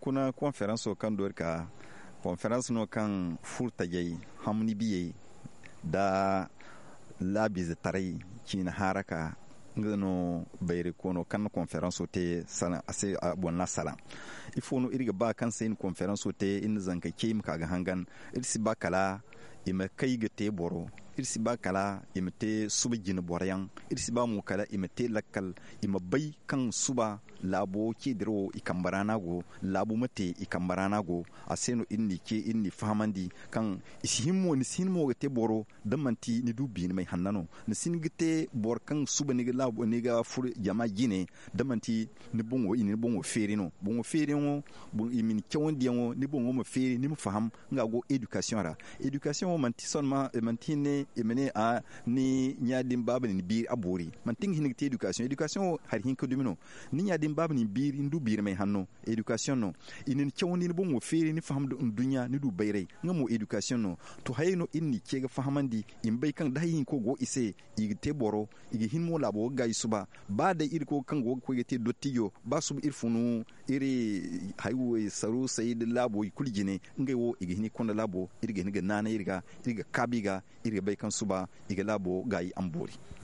kuna conference kan dor ka conference no kan furta yayi hamni biye da labiz tarai kin haraka no bayre kono kan conference te sana ase bonna sala ifo no iriga ba kan sayin conference te in zanka kim kaga hangan irsi bakala ima kai ga teboro d kala imete suba sʋb gĩn bɔr-yãng d sẽn ba mo kala yem tɩ la bay kãng sʋba la a bo kɩɩdr go labo a ikambarana go a inni d inni fahamandi kãng sɩsẽmo ni sinmo gete boro damanti ni tɩ ne du biinme sãn nano bor kãng suba ni labo ni ga fur jama jine damanti ni bungo ne bungo ĩne ne bõngo feere no bõngo feere wõ y min kẽwẽn-dɩã wõ ne bõngo me feere ne me faham nga go education ra education mo manti sonma sõnma eh, ne imene a ni nyadin babu ni bir abori man ting hinig te education education har hin dumino ni nyadin babu ni bir ndu bir mai hanno education no inin chawni ni bon fere ni fahamdu dunya ni du bayrai ngamo education no to hayno inni ke ga fahamandi in bai kan da hin ko go ise igi te boro igi hin mo labo ga suba ba da ir ko kan go ko yete dotiyo ba su ir funu iri haiwo saru sayid labo kuljine ngai wo igi hin kon labo irge ni ga nana irga irga kabiga irga bay kan suba igalabo gai ambori